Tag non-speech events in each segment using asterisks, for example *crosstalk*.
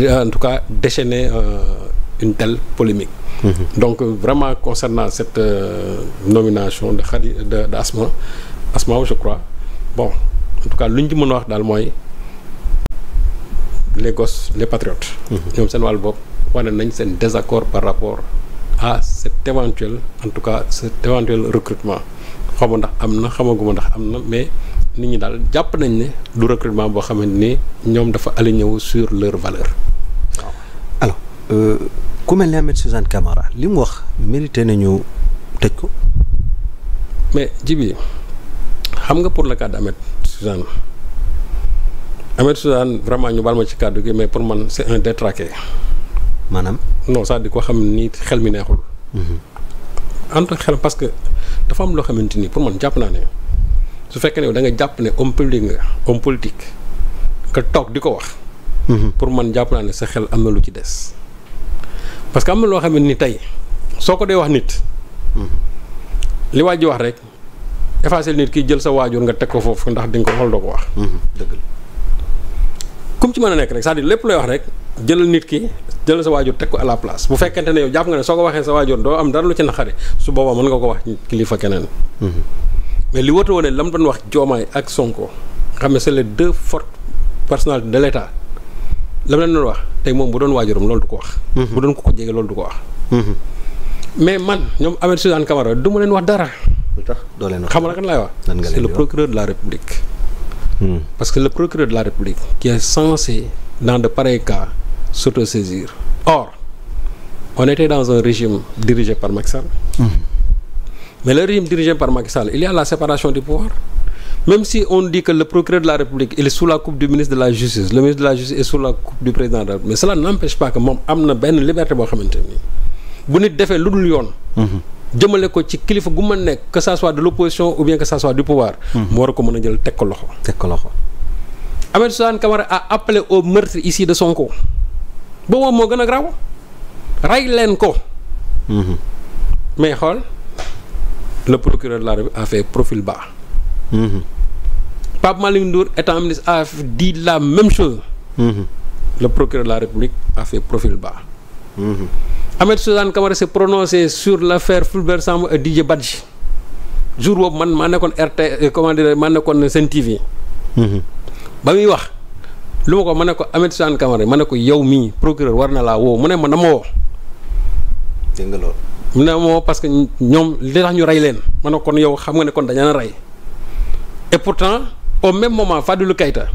Euh, en tout cas déchaîner euh, une telle polémique. Mm-hmm. donc euh, vraiment concernant cette nomination de Khady de de Asma Asma je crois bon en tout cas lu ñu ci mën a wax daal mooy les gosses les patriotes. Mm-hmm. ñoom seen wàllu bopp wane nañ seen désaccord par rapport à cet éventuel en tout cas cet éventuel recrutement xawma ndax am na xamaguma ndax am na mais nit ñi daal jàpp nañ ne du recrutement boo xamante ni ñoom dafa aligné wu sur leur valeur. Euh, ku mel ne Ahmed Suzanne Camara li mu wax mérité nañu tëj ko. mais jibi xam nga pour le cas d'Ahmed Suzanne Ahmed Suzanne vraiment ñu baal ma ci kàddu gi mais pour man c'est un détraqué. maanaam. non saa di dire koo xam ni xel mi neexul. Mhm. entre xel parce que dafa am loo xamante ni pour man jàpp naa ne su fekkee ne da nga jàpp ne homme politique nga homme politique nga toog di ko wax. Mhm. pour man jàpp naa ne sa xel am na lu ci des. parce que am na loo xam ni tey soo ko dee wax nit li waa ji wax rek effacer nit ki jël sa waajur nga teg ko foofu ndax di ko xool doo ko wax. Mhm, dëgg la comme ci mën a nekk rek cest à lépp lay wax rek jëlal nit ki jëlal sa waajur teg ko à la place bu fekkente ne yow jàpp nga ne soo ko waxee sa waajur doo am dara lu ci naqari su boobaa mën nga ko wax kilifa keneen. Mhm. mais li wóote woon ne wax Diomaye ak Sonko nga xam ne c'est les deux fortes personnalités de l'État. la mu leen wax tey moom bu doon waajuram loolu du ko wax. Mhm. bu doon ko ko jege loolu du ko wax. Mhm. mais man ñoom Ahmed Suzanne Camara du ma leen wax dara. lu tax doo leen xam nga kan laay wax. lan c'est le procureur de la république. Hmm. parce que le procureur de la république. qui est censé dans de pareils cas s'autosaisir. or on était dans un régime dirigé par Macky Sall. Hmm. mais le régime dirigé par Macky Sall il y la séparation du pouvoir. même si on dit que le procureur de la République il est sous la coupe du ministre de la justice le ministre de la justice est sous la coupe du président de mais cela n'empêche pas moom am na benn liberté boo xamante ni bu nit defee lu dul yoon. jëmale ko ci kilifa gu mën nekk que ça soit de l'opposition ou bien que ça soit du pouvoir. mu war a ko mën a jël teg ko loxo. teg ko loxo. Ahmed Suzanne Camara a appelé au meurtre ici de Sonko boobu moo gën a graw rey ko. mais xool le de la République a profil bas. Mm-hmm. Pape Malick Ndour étant ministre a dit la même chose. Mm-hmm. le procureur la République a fait profil bas. Mm-hmm. Ahmed Suzanne Camara s'est prononcé sur l'affaire Fulbert Sambou et Didier Badji jour boobu man maa nekkoon RT euh, comment dire maa nekkoon Sen TV. ba muy wax lu ma ko ma ne ko Ahmed Suzanne Camara ma ne ko yow mii procureur war na laa woo mu ne ma na ma woo. nga loolu. mu ne ma woo parce que ñoom li tax ñu rey leen ma ne kon yow xam nga ne kon dañu leen a rey. et pourtant au même moment Fadilou Keïta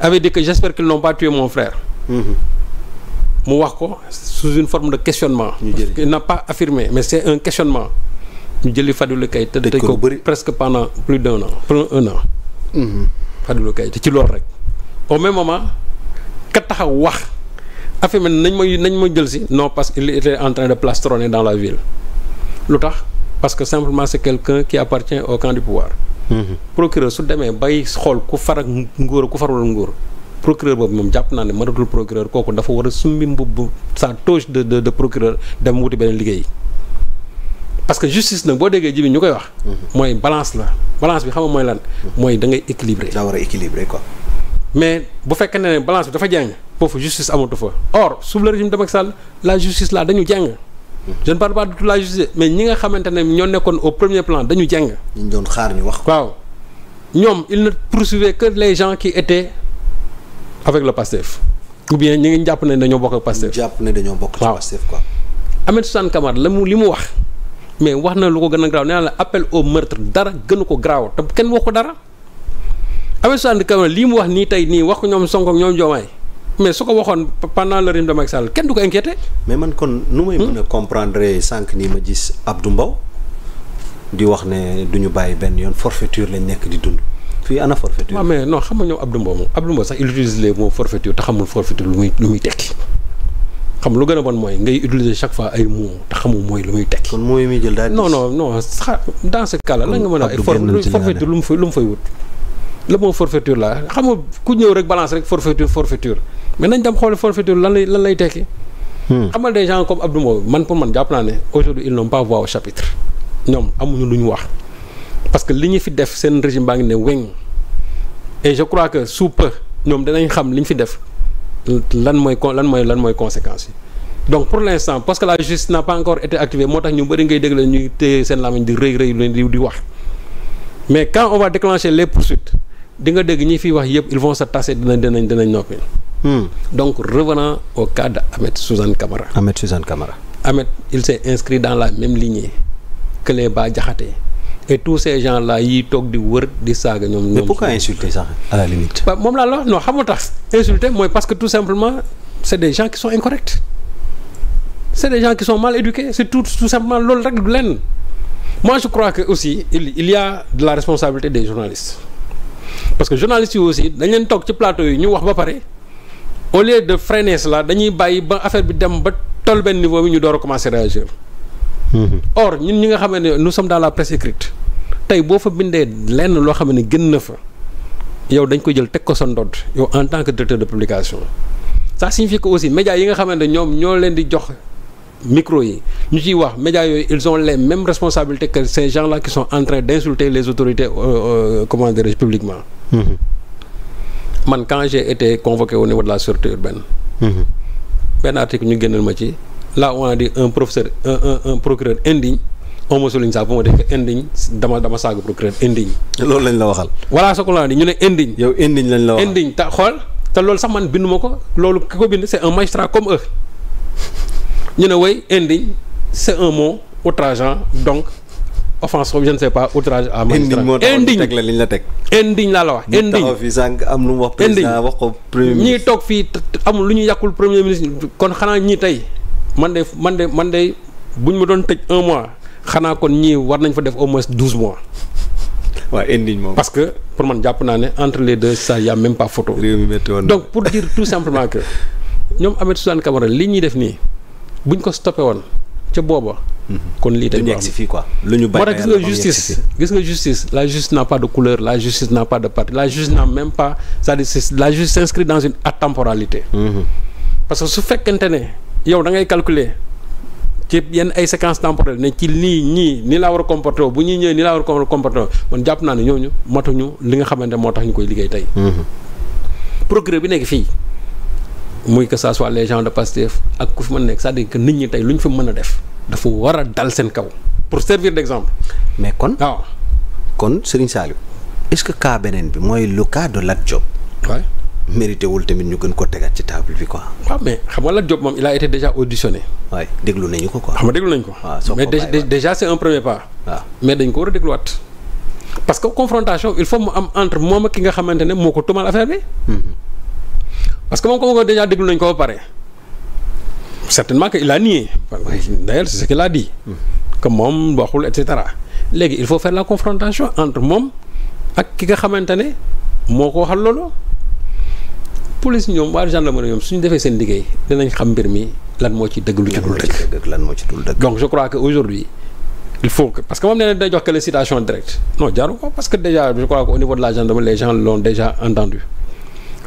avait dit que j'espère qu'ils n'ont pas tué mon frère mm-hmm. mu wax ko sous une forme de questionnement parce qu'il n'a pas affirmé mais c'est un questionnement ñu jëli Fadilou Keïta tëj ko presque pendant plus d'un an pendant un an mm-hmm. Fadilou Keïta ci lool rek au même moment ka taxaw wax affirmé nañ ma nañ ma jël si non parce qu'il était en train de plastronner dans la ville lu tax parce que simplement c'est quelqu'un qui appartient au camp du pouvoir procureur su demee bay xool ku far ak nguur ku farul nguur procureur boobu moom jàpp naa ne mënatul procureur kooku dafa war a sumbi mbubb sa toge de de de procureur dem wuti beneen liggéey parce que justice nag boo déggee ji ñu koy wax. Mhm. mooy balance la balance bi xam nga mooy lan. Mhm. mooy da ngay équilibré. daa war a équilibré ko mais bu fekkee ne balance bi dafa jàng foofu justice amatu fa or sous le régime de Macky la justice là dañu jàng. je ne parle pas la justice mais ñi nga xamante ne ñoo nekkoon au premier plan dañu jàng. ñu doon xaar ñu wax. waaw ñoom il ne poursuivait que les gens qui étaient avec le Pastef ou bien ñi ngi jàpp ne dañoo bokk ak Pastef. jàpp ne dañoo bokk ak Pastef quoi. Ahmed Suzanne la li mu wax mais wax na lu ko gën a graaw nee la appel au meurtre dara gënu ko graaw te kenn wax ko dara Ahmed Suzanne Camara lii mu wax nii tey nii wax ko ñoom Sonko ak ñoom Diomaye mais su ko waxoon pendant le régime de Macky Sall kenn du ko inquiété. mais man kon nu may mën a hmm? comprendre sànq nii ma gis Abdou Mbow di wax ne du ñu bàyyi benn yoon forfaiture lañ nekk di dund fii ana forfaiture. waaw mais non xam nga ñoom Abdou Mbow moom Abdou Mbow sax il utilise les mots muy tekki xam lu gën a bon mooy ngay utiliser chaque fois ay mots te xamul mooy lu muy tekki. kon mots yi muy jël daal non non non xa dans ce cas là. nga mën a ay forfaiture lu mu fay lu mu fay wut. le mot forfaiture la xam ku ñëw rek balance rek forfaiture forfaiture. mais nañ dem xool forfaiture lan lay lan lay tekki. Hmm. xamal des gens comme Abdou Mbow man pour man jàpp naa ne aujourd'hui ils n'ont pas voix au chapitre ñoom amuñu lu ñu wax parce que li ñu fi def seen régime baa ngi ne weñ et je crois que sous ñoom danañ xam li ñu fi def lan mooy lan mooy lan mooy conséquences yi donc pour l'instant parce que la justice n'a pas encore été activée moo tax ñu bëri ngay dégg la ñuy seen làmmiñ di rëy rëy leen di wax mais quand on va déclencher les poursuites di nga dégg ñi fiy wax yëpp ils vont se tasser dinañ dinañ dinañ noppi Hmm. donc revenant au cas de Ahmed Suzanne Camara. Ahmed Suzanne Camara. il s'est inscrit dans la même lignée que les Bah Diakhaté et tous ces gens là yi toog di wër di saaga ñoom. ñoom mais pourquoi insulter sax à la limite. moom laa la wax non xam nga tax insulter mooy parce que tout simplement c' est des gens qui sont incorrects c' est des gens qui sont mal éduqués c' est tout tout simplement loolu rek du lenn moi je crois que aussi il il de la responsabilité des journalistes parce que wax ba pare. au lieu de freiner cela dañuy bàyyi ba affaire bi dem ba tol benn niveau bi ñu door a commencer réagir. Mm-hmm. or ñun ñi nga xam ne nous sommes dans la presse écrite tey boo fa bindee lenn loo xam ne gën na fa yow dañ ko jël teg ko sa ndodd yow en tant que directeur de publication. ça signifie que aussi médias yi nga xamante ne ñoom ñoo leen di jox micro yi ñu ciy wax médias yooyu ils ont les mêmes responsabilités que ces gens-là qui sont en d'insulter les autorités euh, euh, comment dirais man quand j'ai été convoqué au niveau de la sûreté urbaine. Mhm. benn article ñu génneel ma ci. là on a dit un professeur un un un procureur indigne on me souligne ça bu ma def indigne dama dama saaga procureur indigne. loolu lañ la waxal. voilà ce que l'on ñu ne indigne. yow indigne lañ la waxal indigne ta xool te loolu sax man binduma ko loolu ki ko bind c'est un magistrat comme eux *laughs* ñu ne way indigne c'est un mot outrageant donc. offense foofu je ne sais pas outrage à magistrat indigne teg la liñ laa la wax indigne fii am lu mu wax président wax ko premier ministre toog fii amul lu ñu yàqul premier ministre kon xanaa ñi tey man de man de man de buñ ma doon tëj un mois xanaa kon ñii war nañ fa def au moins douze mois waaw indigne moom parce que pour man jàpp naa ne entre les deux ça y a même pas photo donc pour dire tout simplement que ñoom Ahmed Suzanne Camara li ñuy def nii buñ ko stoppé woon ca booba kon lii dañu yegg si fii quoi lu ñu bari gis nga justice gis nga justice la justice n'a pas de couleur la justice n'a pas de parti la justice n'a même pas c'est-à-dire la justice s'inscrit dans une atemporalité mm-hmm. parce que su fekkente ne yow da ngay calculer ci yenn ay séquences temporelles ne ci lii ñii ni laa war a bu ñuy ñëwee ni laa war a man jàpp naa ne ñooñu matuñu li nga xamante moo tax ñu koy liggéey tey mm-hmm. progrès bi nekk fii muy que ça soit les gens de Pastef ak ku fi mën nekk cest nit ñi tey lu ñu fi mën a def dafa war a dal seen kaw pour servir d'exemple. mais kon waaw ah. kon Serigne Saliou est-ce que cas beneen bi mooy le cas de Lat Diop. waay mérité wul tamit ñu gën ko tegaat ci table bi quoi. waaw ah, mais xam nga Lat Diop moom il a été déjà auditionné. waay déglu nañu ko quoi. xam nga déglu ko. waaw ah, mais déjà déjà c'est un premier pas. mais dañ ko war a dégluwaat. parce que confrontation il faut mu am entre moom ak ki nga xamante ne moo ko tumal affaire bi. Mm-hmm. parce que moom comme ko déjà déglu nañu ko pare. certainement que il a nié d'ailleurs c'est ce qu'il a dit hmm. que moom waxul et cetera léegi il faut faire la confrontation entre moom ak ki nga xamante ne moo ko waxal loolu police ñoom waa gendarmerie ñoom suñu defee seen liggéey dinañ xam mbir mi lan moo ci dëgg lu ci dul dëgg moo ci dul dëgg donc je que aujourd'hui il faut que parce que moom nee na day jox que les citations directes non jaaru ko parce que déjà je que au niveau de la gendarmerie les gens déjà entendu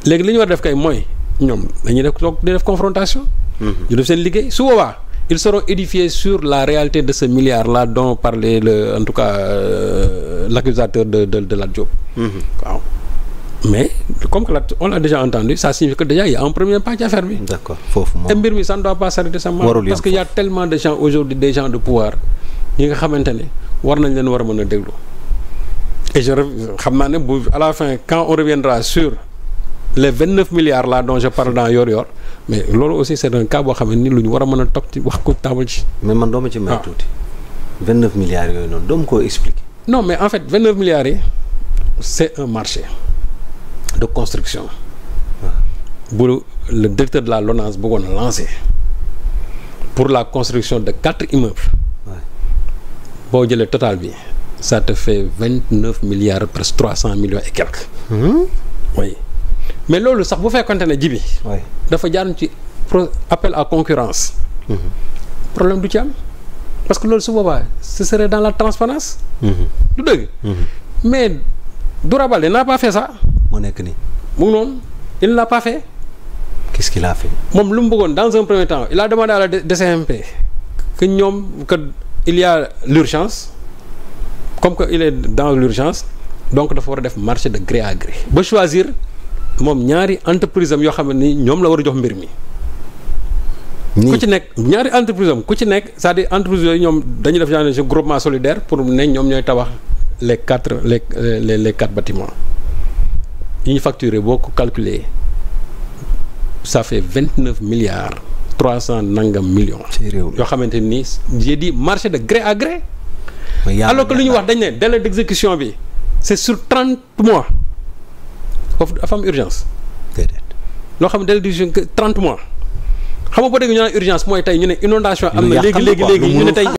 ñu war def kay mooy ñoom dañuy def toog di def ñu def seen liggéey su boobaa ils seront édifiés sur la réalité de ce milliard là dont parlait le en tout cas euh, l'accusateur de de de Lat Diop. Mm-hmm. waaw mais comme que la on l'a déjà entendu ça signifie déjà il y a parce que y a tellement de gens aujourd'hui des gens de pouvoir ñi nga xamante ne war nañ leen war a mën a déglu. xam naa ne bu à la fin quand on reviendra sur. les vingt neuf milliards là dont je parle dans Yor Yor mais loolu aussi c' est un xam ni lu ñu war a mën a toog ci wax ko taabal ci. mais man doo ma ci may ah. tuuti. milliards yooyu noonu doo ma koo expliquer. non mais en fait vingt neuf milliards yi c' est un marché de construction. Ah. bu le directeur de la LONASE bëggoon a lancé pour la construction de quatre immeubles. boo jëlee total bi ça te fait vingt neuf milliards presque trois cent millions et quelques. Mmh. mais loolu sax bu fekkante ne jibi dafa jaaruñ ci appel à concurrence mm-hmm. problème du ci am parce que loolu su boobaa ce serait dans la transparence mm-hmm. du dëgg mm-hmm. mais Doura Baldé n'a pas fait ça moo nekk nii mu ngi noonu il n'a pas fait qu'est-ce qu'il a moom lu mu bëggoon dans un premier temps il a demandé à la DCMP que ñoom que il y a l'urgence comme que il est dans l'urgence donc dafa war a def marché de gré à gré ba choisir moom ñaari entreprise am yoo xam ne ñoom la war a jox mbir mi. ku ci nekk ñaari entreprise am ku ci nekk c'est-à-dire yooyu ñoom dañu def genre groupement solidaire pour ne ñoom ñooy tabax les quatre les les les quatre bâtiments yi ñu facturé boo ko calculé ça fait vingt neuf milliards trois cent nangam millions. ci réew yoo xamante ni j'ai dit marché de gré à gré. alors que lu ñu wax dañ ne délai d'exécution bi c'est sur trente mois. foofu dafa am urgence. déedéet loo xam ne délai de gestion mois xam nga boo déggee ñu naan urgence mooy tey ñu ne inondation am na léegi léegi léegi ñu ne tey.